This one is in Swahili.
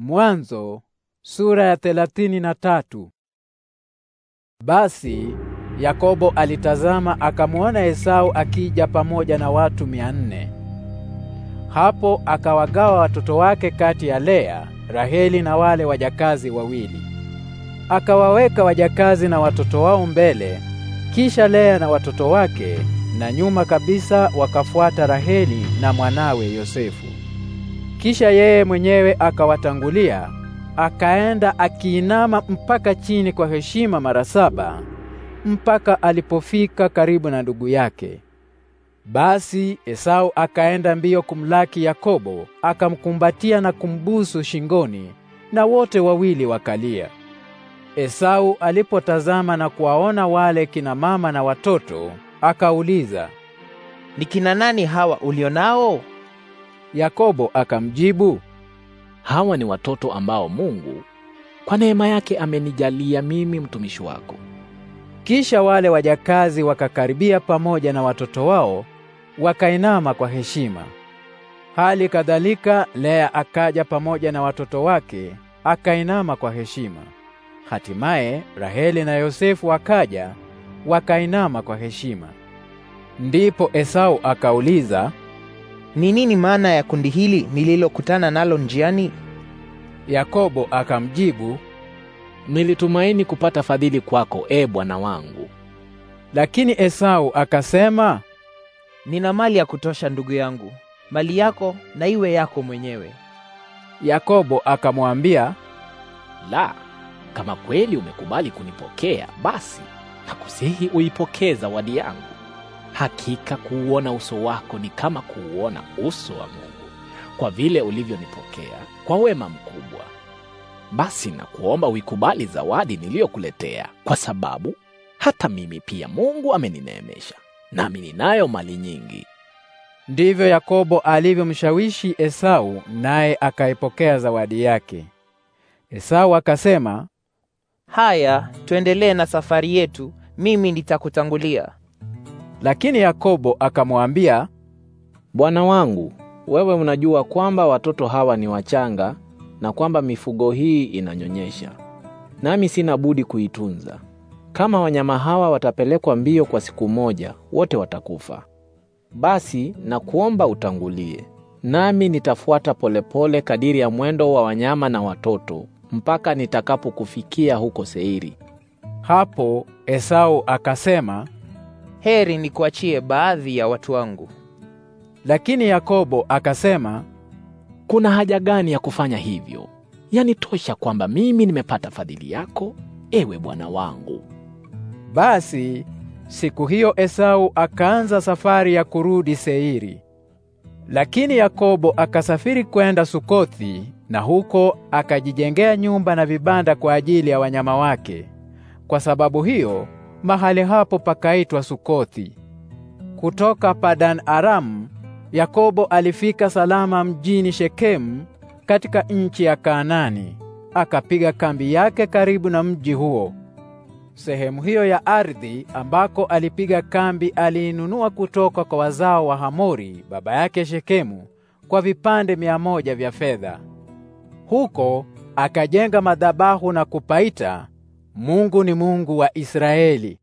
Mwanzo sura ya thelathini na tatu. Basi Yakobo alitazama akamuona Esau akija pamoja na watu mia nne. Hapo akawagawa watoto wake kati ya Lea, Raheli na wale wajakazi wawili. Akawaweka wajakazi na watoto wao mbele, kisha Lea na watoto wake, na nyuma kabisa wakafuata Raheli na mwanawe Yosefu. Kisha yeye mwenyewe akawatangulia akaenda akiinama mpaka chini kwa heshima mara saba mpaka alipofika karibu na ndugu yake. Basi Esau akaenda mbio kumlaki Yakobo, akamkumbatia na kumbusu shingoni, na wote wawili wakalia. Esau alipotazama na kuwaona wale kina mama na watoto, akauliza, ni kina nani hawa ulionao? Yakobo akamjibu, hawa ni watoto ambao Mungu kwa neema yake amenijalia mimi mtumishi wako. Kisha wale wajakazi wakakaribia pamoja na watoto wao wakainama kwa heshima. Hali kadhalika Lea akaja pamoja na watoto wake akainama kwa heshima. Hatimaye Raheli na Yosefu wakaja wakainama kwa heshima. Ndipo Esau akauliza, ni nini maana ya kundi hili nililokutana nalo njiani? Yakobo akamjibu, nilitumaini kupata fadhili kwako, e bwana wangu. Lakini Esau akasema, nina mali ya kutosha ndugu yangu, mali yako na iwe yako mwenyewe. Yakobo akamwambia, la, kama kweli umekubali kunipokea, basi nakusihi uipokee zawadi yangu. Hakika kuuona uso wako ni kama kuuona uso wa Mungu, kwa vile ulivyonipokea kwa wema mkubwa. Basi nakuomba uikubali zawadi niliyokuletea, kwa sababu hata mimi pia Mungu amenineemesha, nami ninayo mali nyingi. Ndivyo Yakobo alivyomshawishi Esau, naye akaipokea zawadi yake. Esau akasema, "Haya, tuendelee na safari yetu, mimi nitakutangulia." Lakini Yakobo akamwambia, Bwana wangu, wewe unajua kwamba watoto hawa ni wachanga na kwamba mifugo hii inanyonyesha, nami sina budi kuitunza. Kama wanyama hawa watapelekwa mbio kwa siku moja, wote watakufa. Basi nakuomba utangulie, nami nitafuata polepole kadiri ya mwendo wa wanyama na watoto mpaka nitakapokufikia huko Seiri. Hapo Esau akasema heri nikuachie baadhi ya watu wangu. Lakini Yakobo akasema, kuna haja gani ya kufanya hivyo? Yanitosha kwamba mimi nimepata fadhili yako, ewe bwana wangu. Basi siku hiyo Esau akaanza safari ya kurudi Seiri. Lakini Yakobo akasafiri kwenda Sukothi na huko akajijengea nyumba na vibanda kwa ajili ya wanyama wake. Kwa sababu hiyo Mahali hapo pakaitwa Sukothi. Kutoka Padan Aramu Yakobo alifika salama mjini Shekemu katika nchi ya Kanaani, akapiga kambi yake karibu na mji huo. Sehemu hiyo ya ardhi ambako alipiga kambi aliinunua kutoka kwa wazao wa Hamori baba yake Shekemu kwa vipande mia moja vya fedha. Huko akajenga madhabahu na kupaita Mungu ni Mungu wa Israeli.